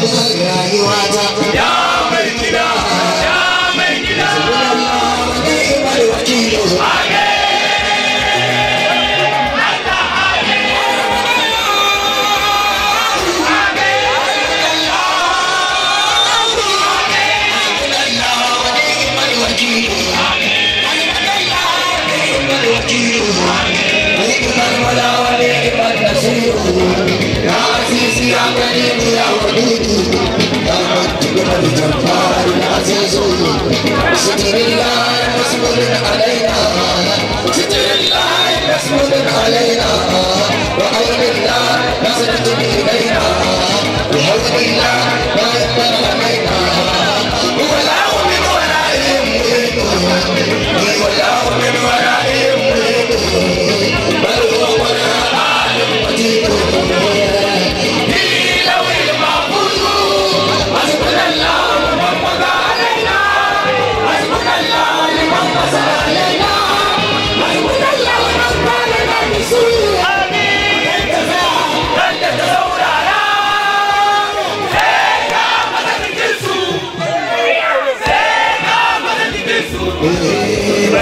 Yeah. يا كريم يا وليدي يا متكبر الجبار العزيز ستر الله مسؤول علينا ستر الله مسؤول علينا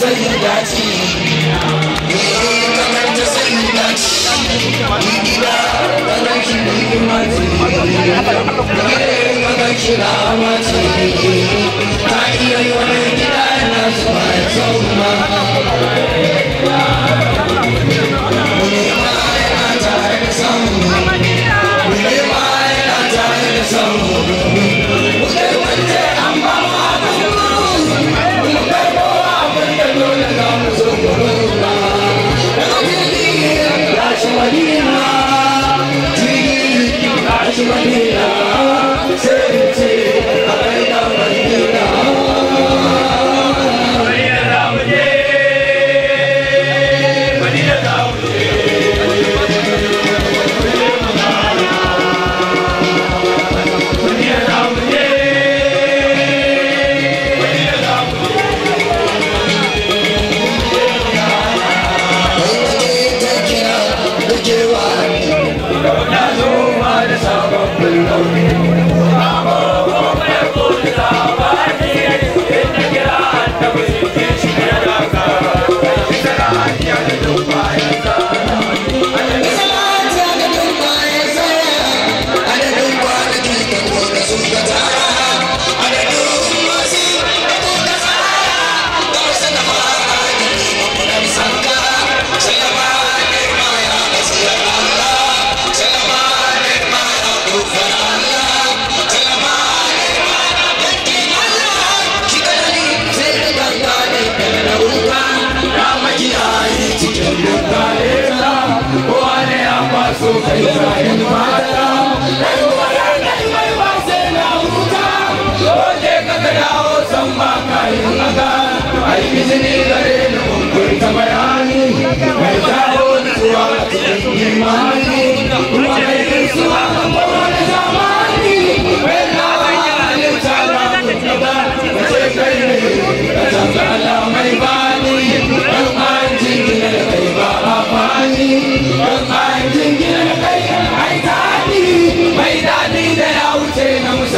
zai dace eh kamar ta zai dace gida kamar ki hikima ce gare kamar ki rama ce ta iya yi wani gida na zuwa ya zauma Thank you. Ashwadina, Ashwadina.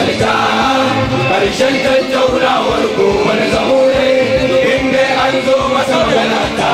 sarka karshen tattaunawar ko wani zaure inda an zo masa magana ta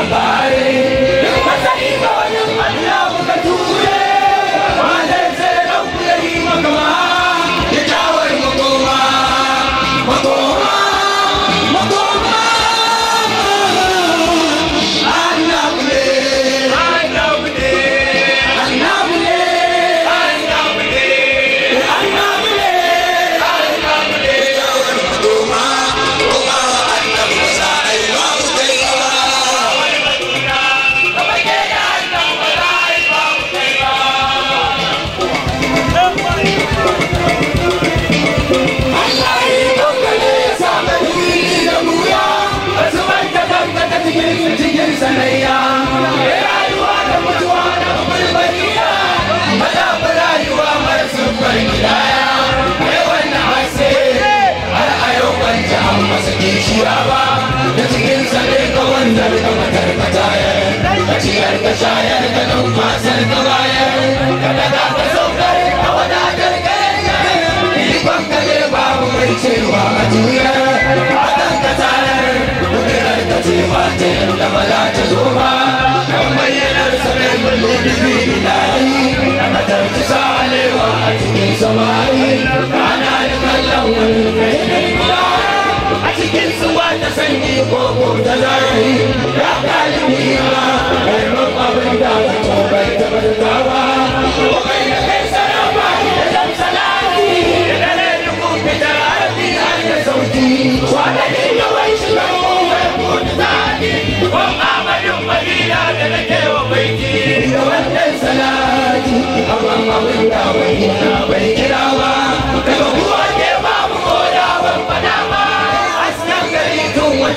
dattawa da cikin sare ka wanda ka matar ka tayar ka ciyar ka shayar ka numfasar ka bayar ka daga ka saukar ka wadatar ka yanyar ikon ka ne babu mai cewa a juyar matan ka tayar kudirar ka ce ba ta yadda ba ta zo ba kan bayyanar sarai bullo da bibi layi a matar ta sa alewa a cikin samari ana yi kallon wani kai da sanyi ko ko da zafi ya kaji ni ma kai mun abin da ko bai taɓa da ba ko kai da kai sarrafa da zan salati da ne da ku fita arfi har da sauti kwanaki da wai shiga mu bai ku da zafi ko amadin madina da na kewa baiki da wannan salati abin abin da wai bai kira ba daga kuwa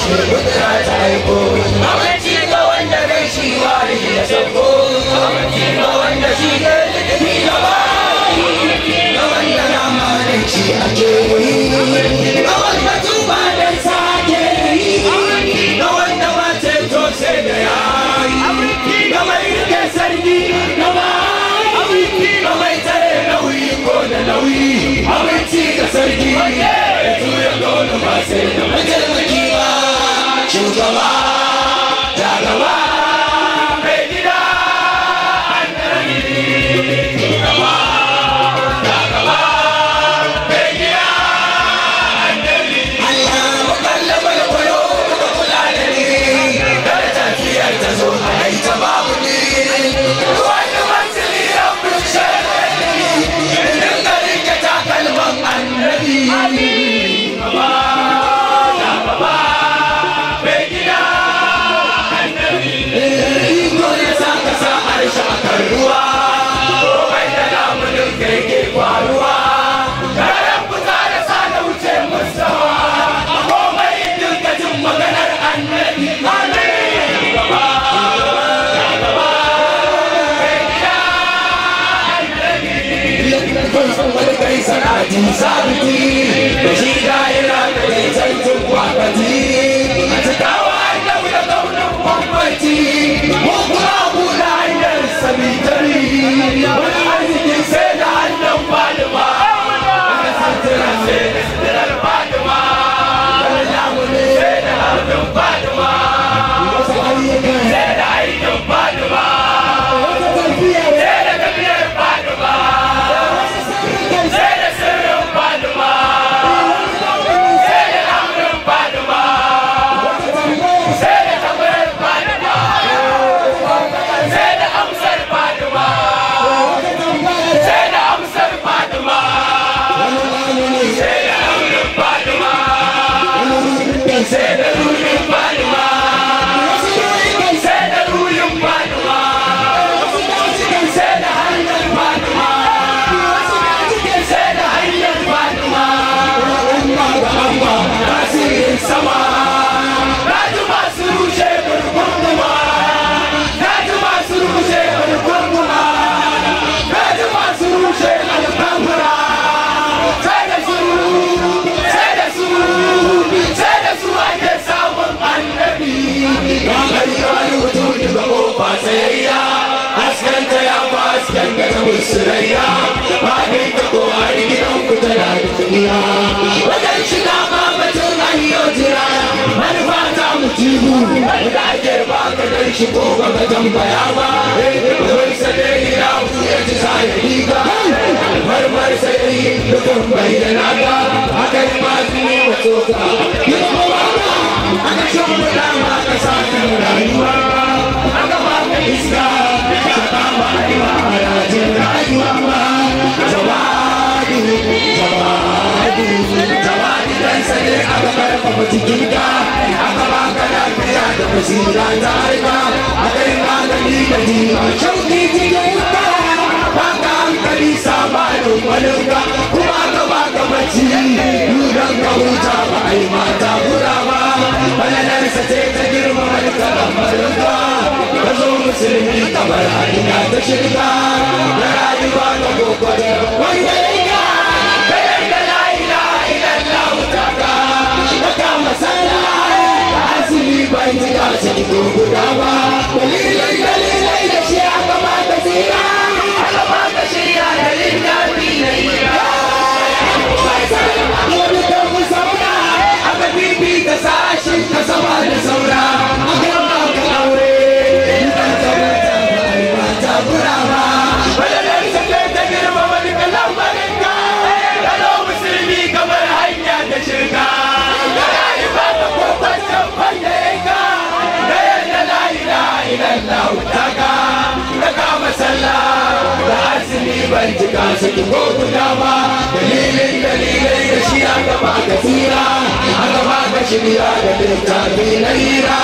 shi kudura ta aiko mamaci ga wanda kai shi wari ya sauko mamaci ga wanda shi ke litifi na ba ga wanda na shi wuri ga wanda tuba da sake yi ga wanda da yayi ga mai rike sarki na ba nauyi abinci ga sarki ya tura gonu ba sai da majalmaki ba shugaba da gaba faruwa komai da lamunin da faruwa karen sada wuce musawa komai dinka maganar annabi annabi gaba gaba kai shi a cikawa annabi da kaunin kwakwati Wani arzikin sai da annan balima, wani santiran sai da shigo gaba tambaya ba Bar sadai ya ya ci sa ya diga Bar bar sadai dukkan bayyana ka Akan ma su ne wa tsoka Yi kuma ka Aka shan mura ma ka sa ka rayuwa Aka ba ka iska Ka kama aiwa a rajin rayuwa ma ilimi jawabi jawabi dan sani aka a cikin ka lafiya da basira ta A akai magani da jima shauki cikin ka baka hankali sabanin wani kuma ka ba ai mata kura ba falalarsa ta girma malika marinka ka zo ta shirka na rayuwa na gobe wanda ya in ji ka sani ko guda ba dalilai dalilai da shi aka ma ta tsira aka ma ta shirya da littafi na ira Wani kan mu saura, aka fifita sashin ka sama da saura. da asili ban jika su ki ko guda ba dalilin dalilai da shi a gaba ka tsira a gaba ka shirya da littafi na hira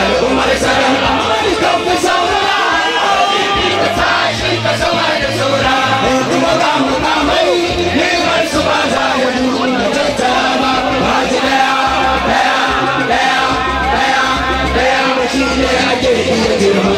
al'ummar sarar amurka kan fi saura ka tashi ka saura da saura kuma ga mu kamai neman su ba za ya nuna tattara ba ba ji daya daya daya daya daya da shi ne ake iya girma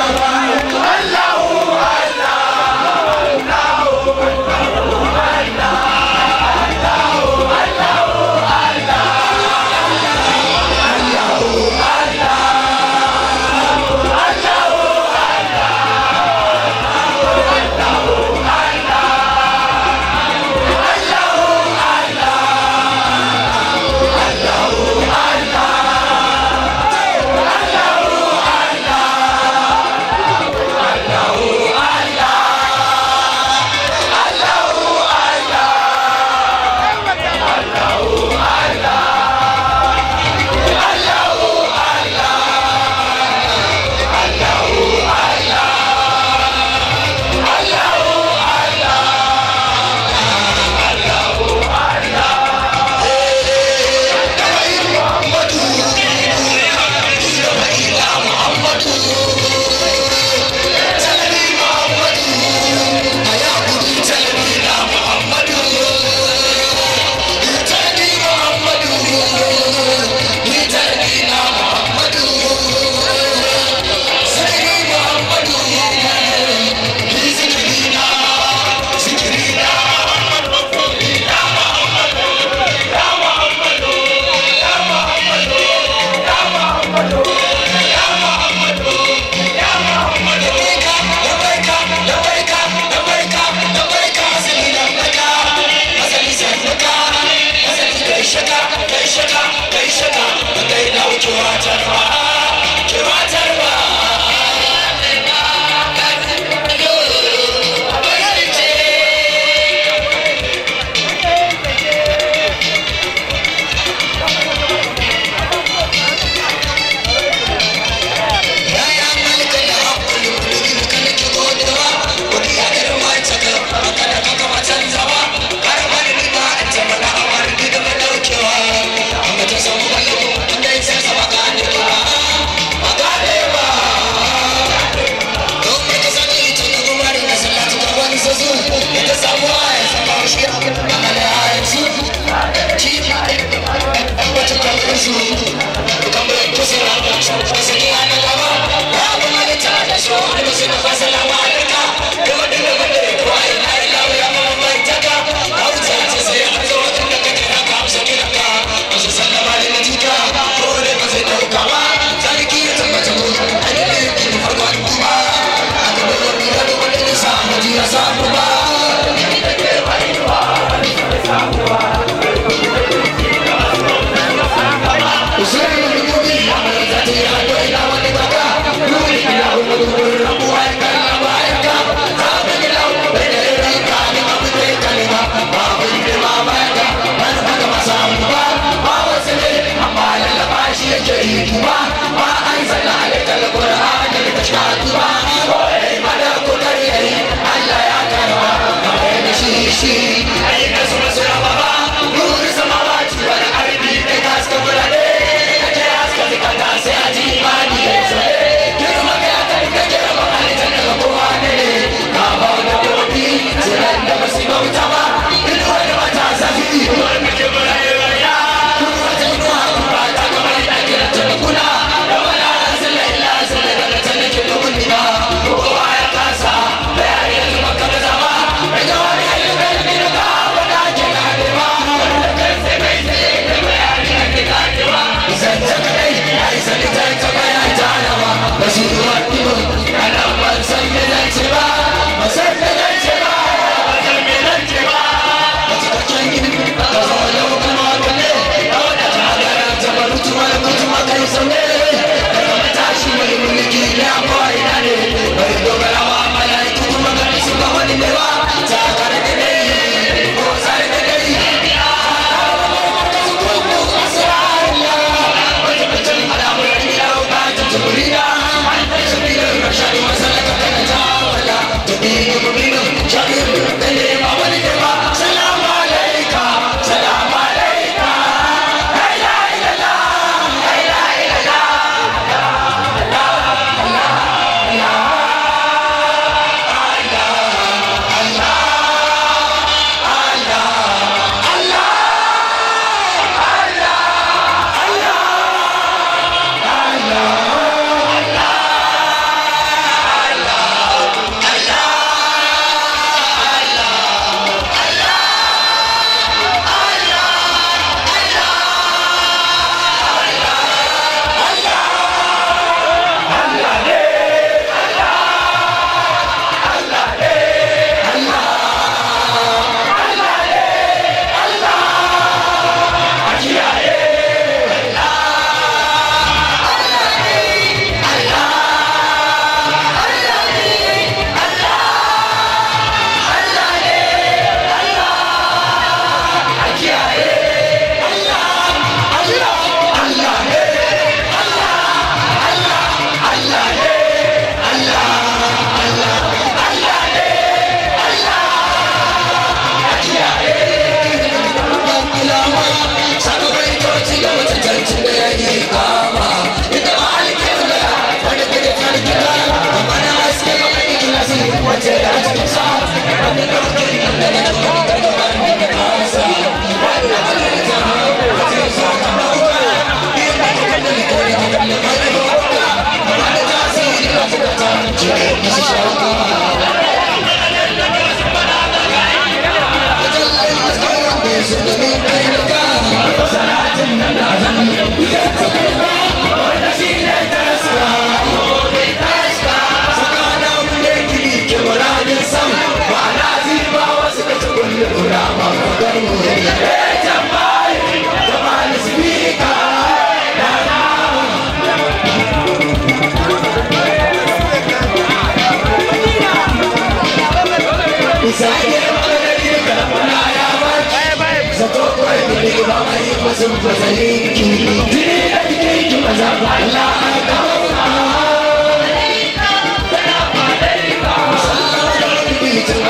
bari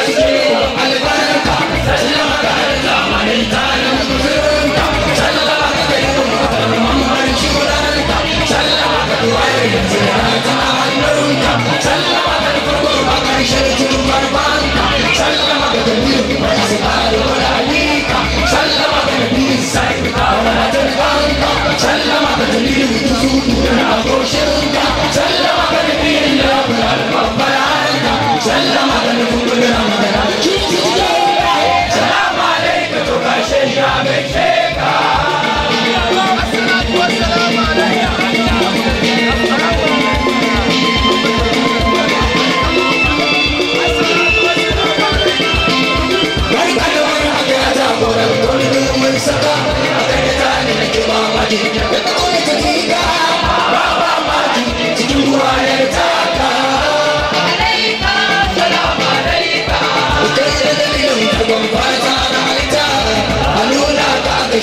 ba Sous la roche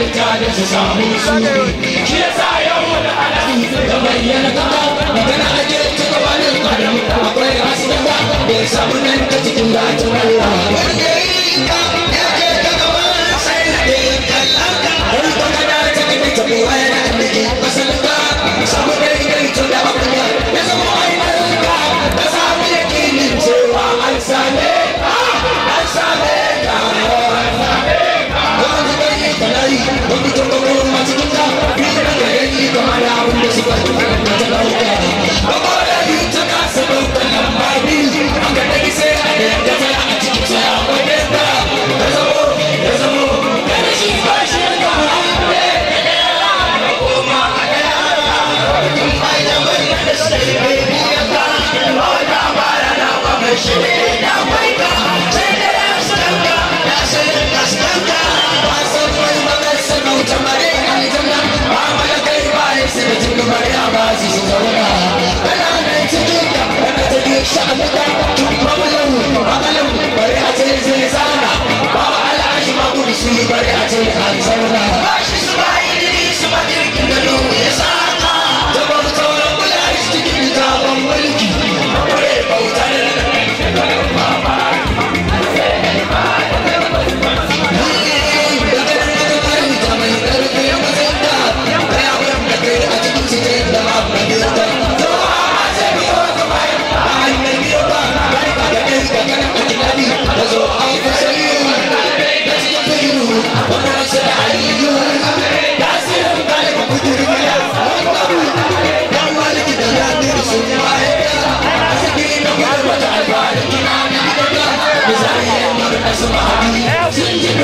halitta da su samu su shi ya sa yau wani ala da bayyana kama magana ta gabanin da ba da nan ta cikin gacin Allah wanda ya ke ta gabanin na ke kallon ka wani kwanaga ta gani ta kowa yana da ke masalaka samu kamar abin da suka zo kan matalauta. Gaba da biyu sha'anuka imamulan makalan bari a ce zai zana ba ala shi mamu da shi bari a ce an zauna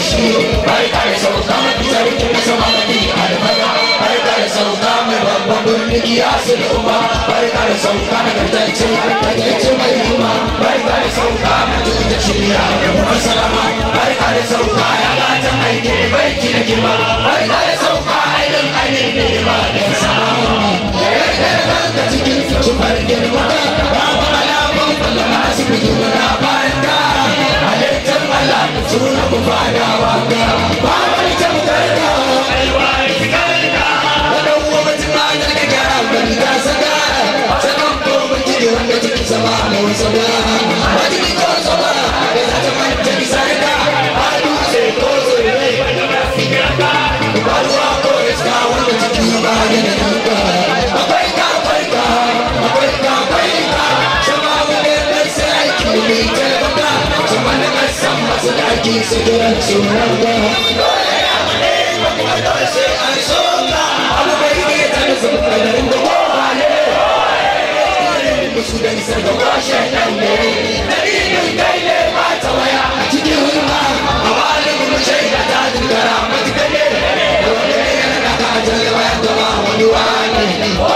shi bai kare sauta sarkin samani albarka bai kare sauta mai babban birni iyasul uba bai na mai hima bai kare sauta na tuta shirya da kuma salama bai kare sauta ya da da ya cikin girma aquí se queda en su manda Oh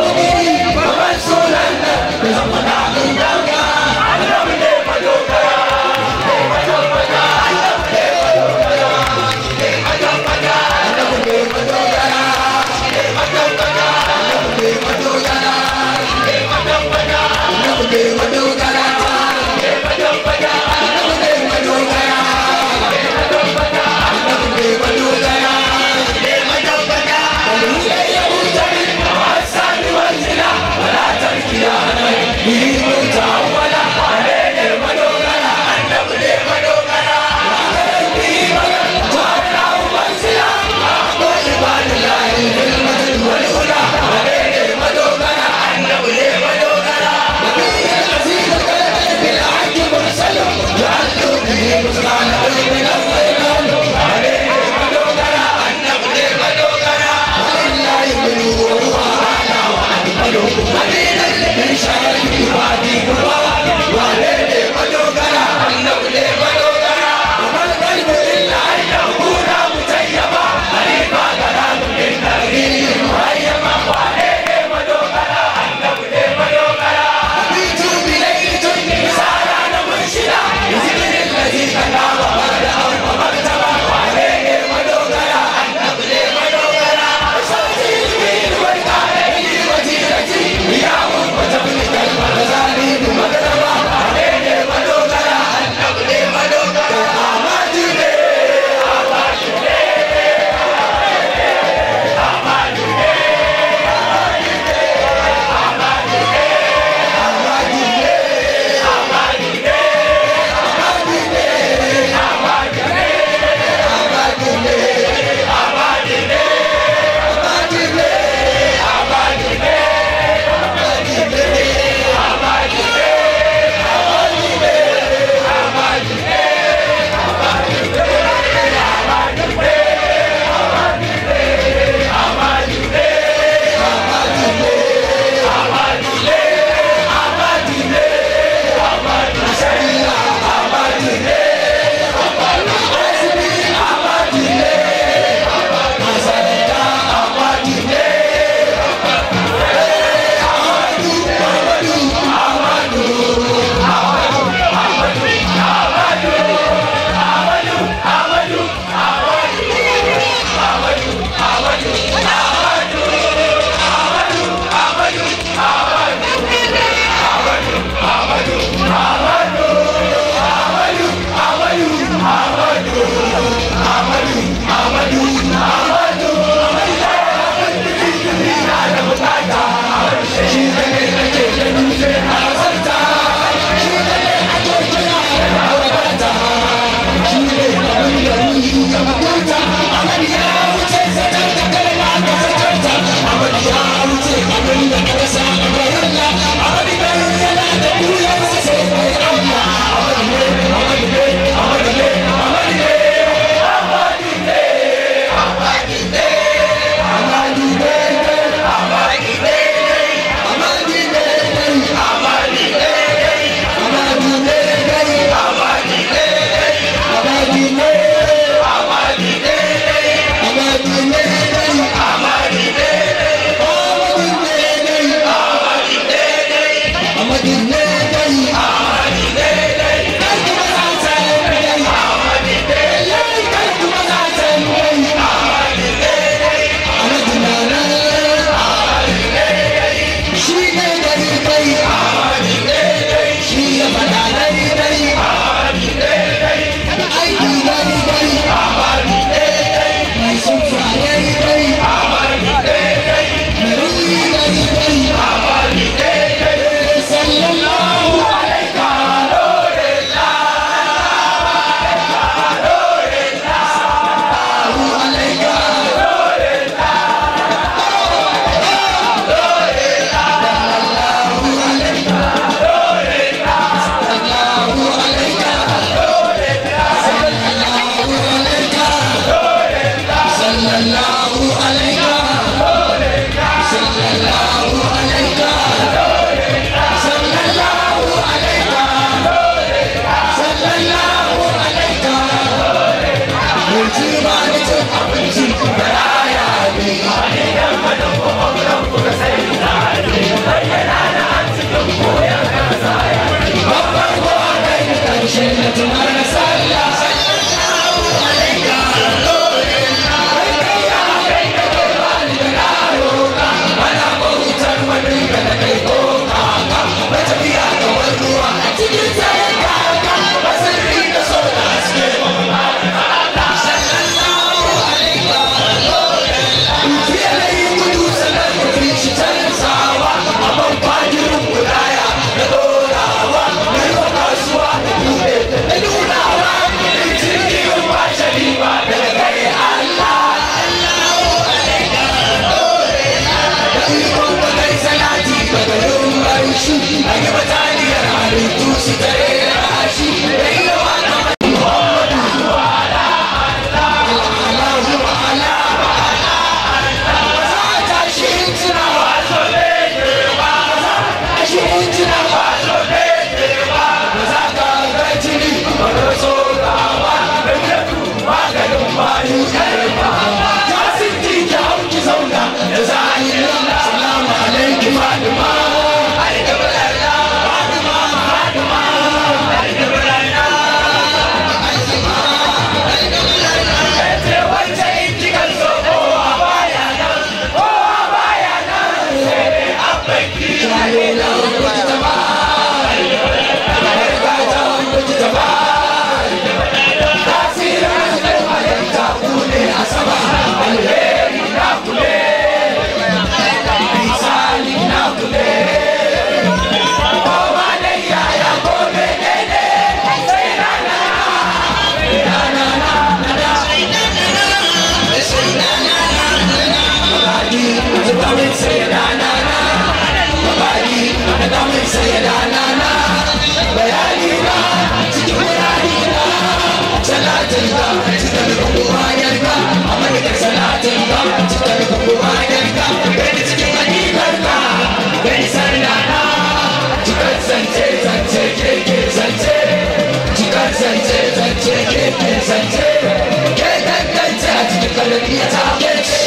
Nitalite,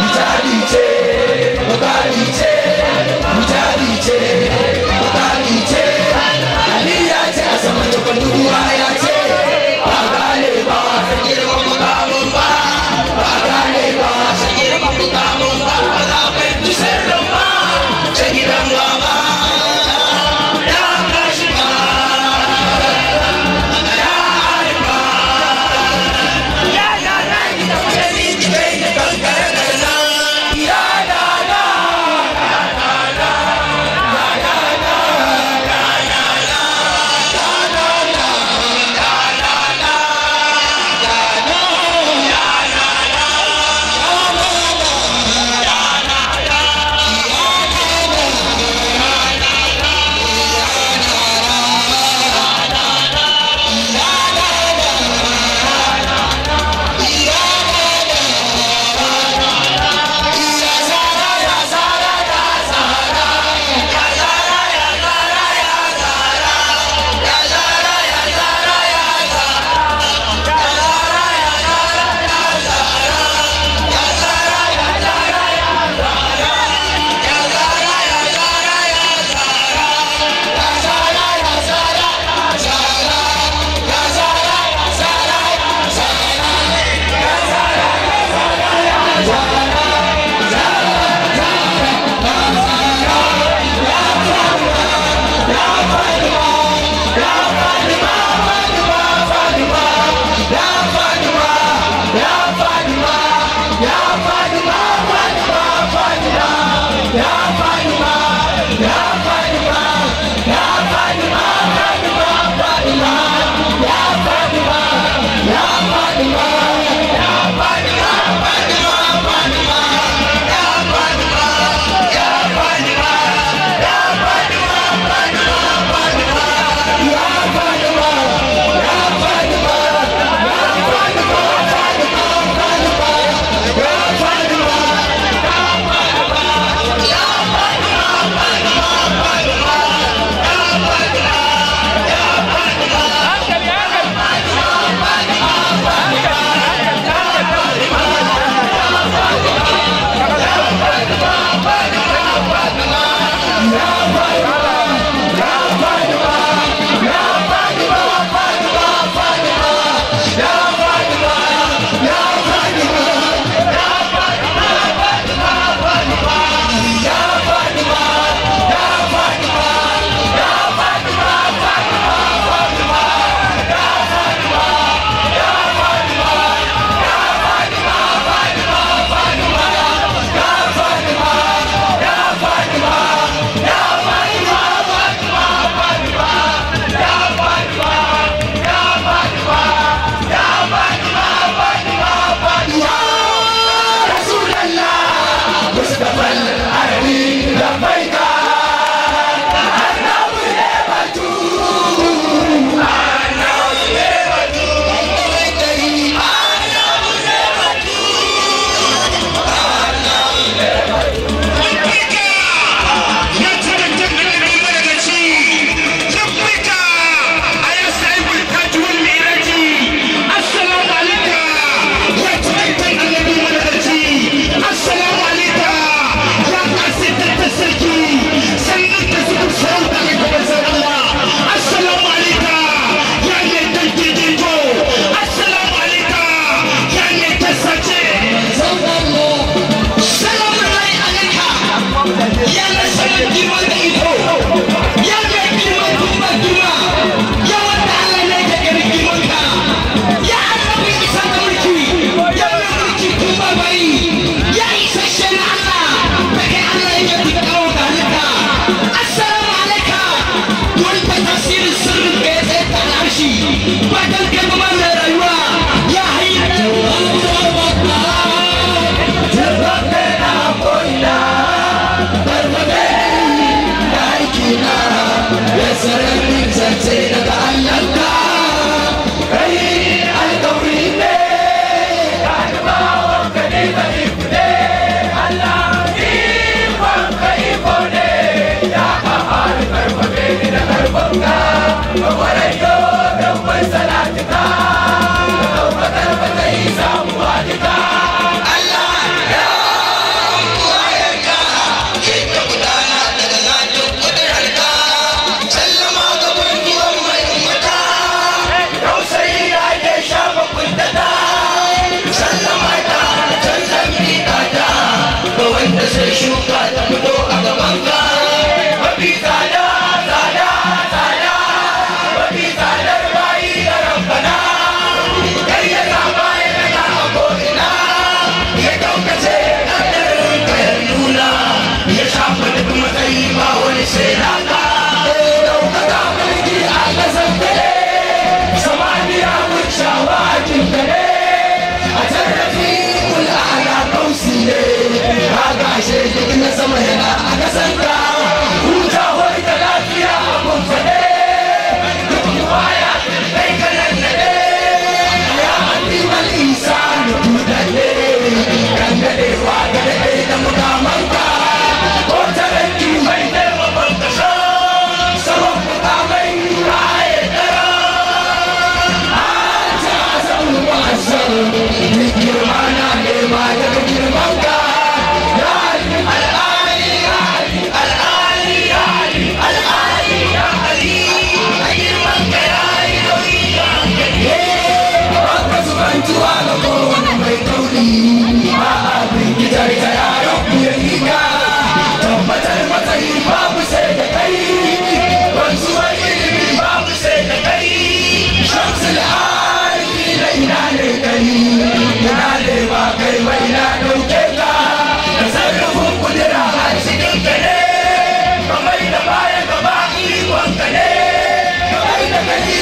nitalite, nitalite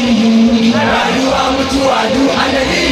rayuwa mutuwa duk adadi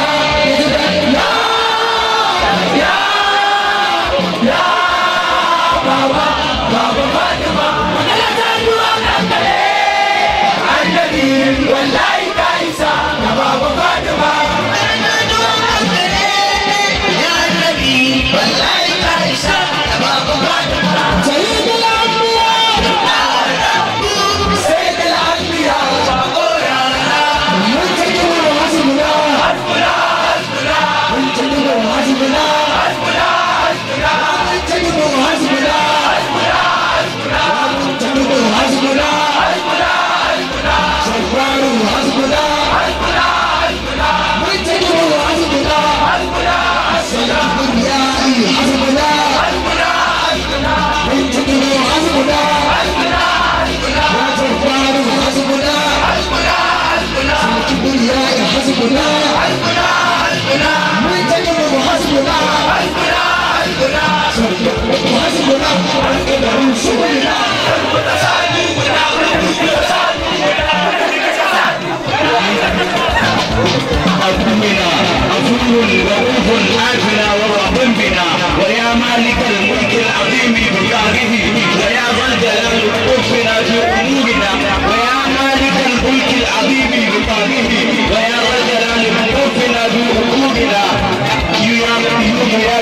Yeah.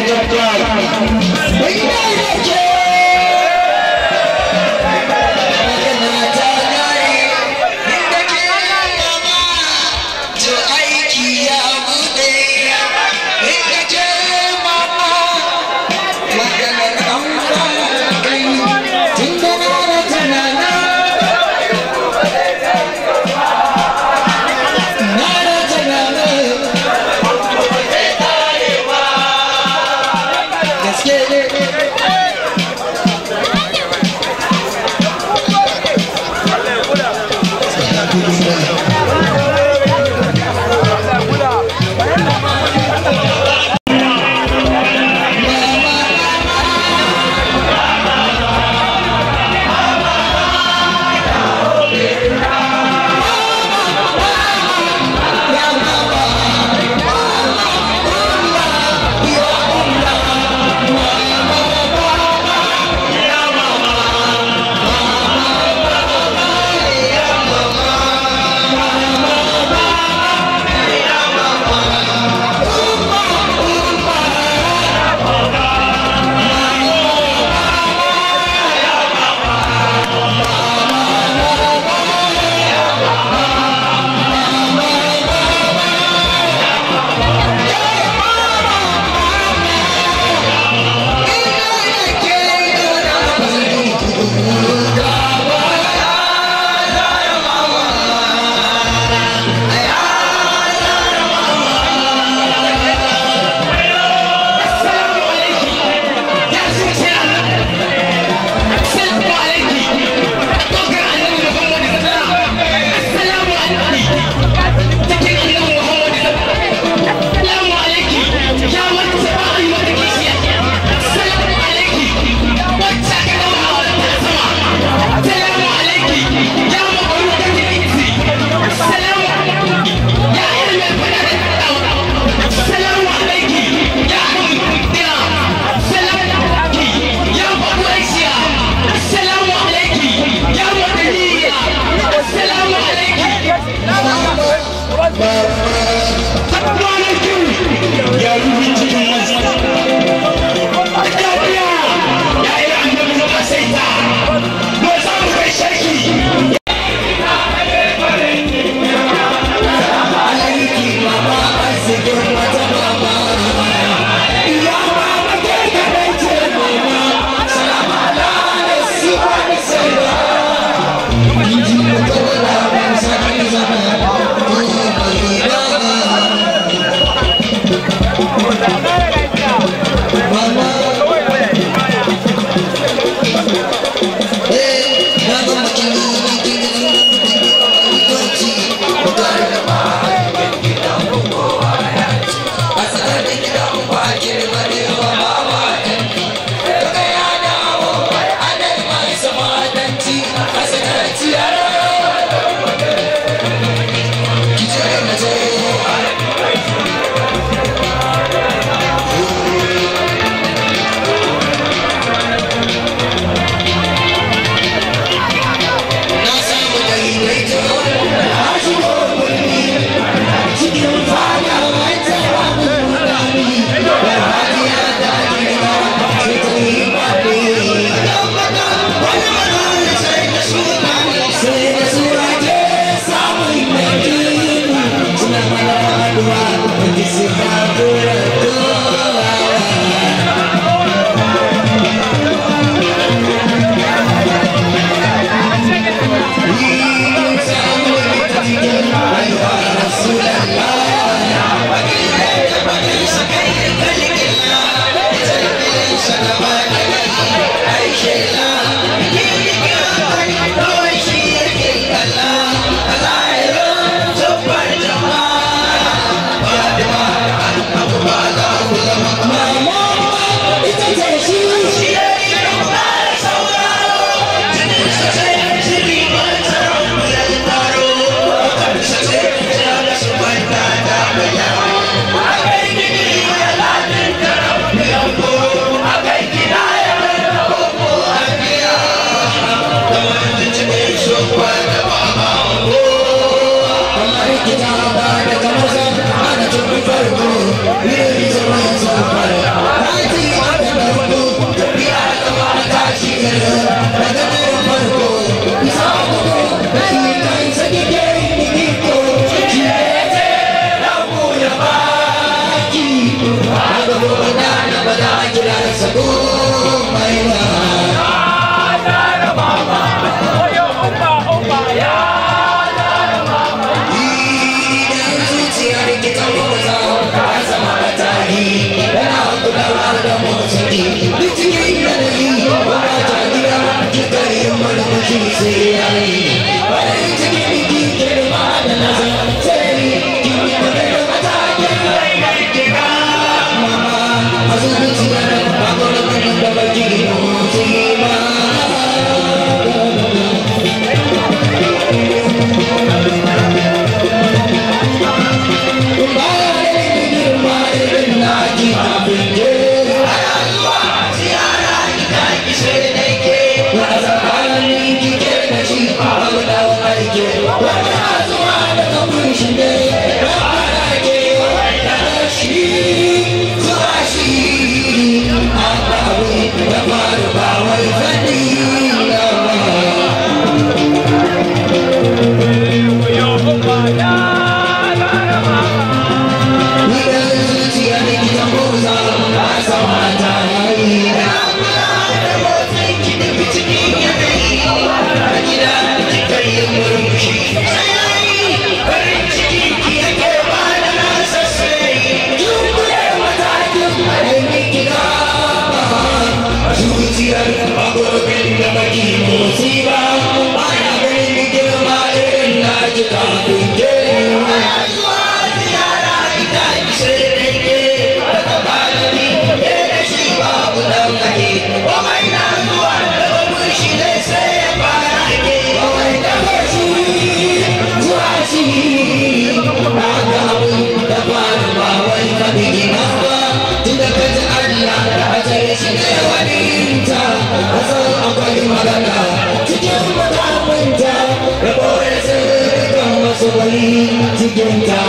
The the Gak boleh sekamar sebalik cinta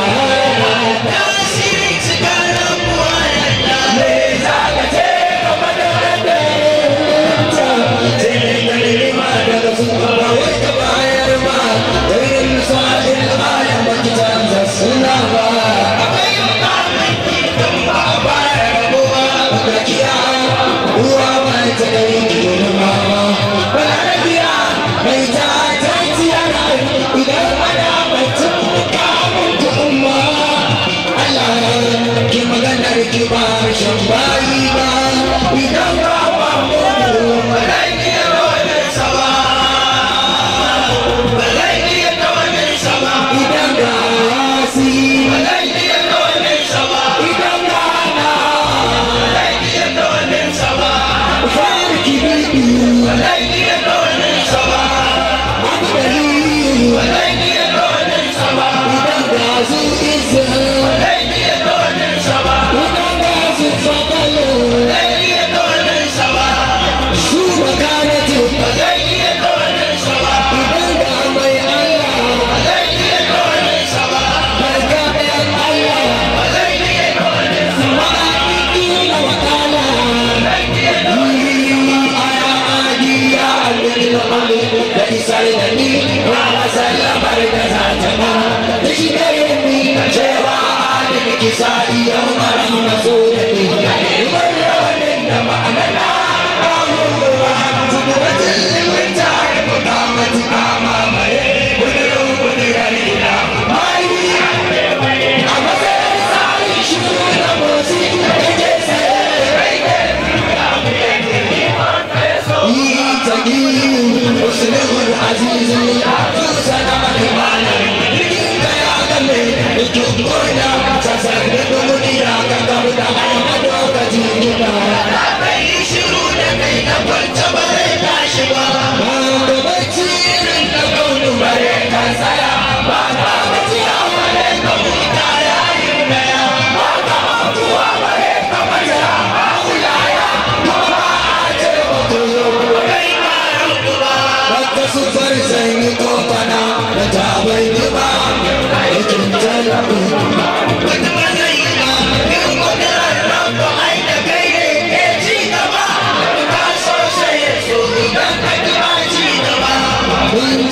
Bye.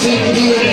take it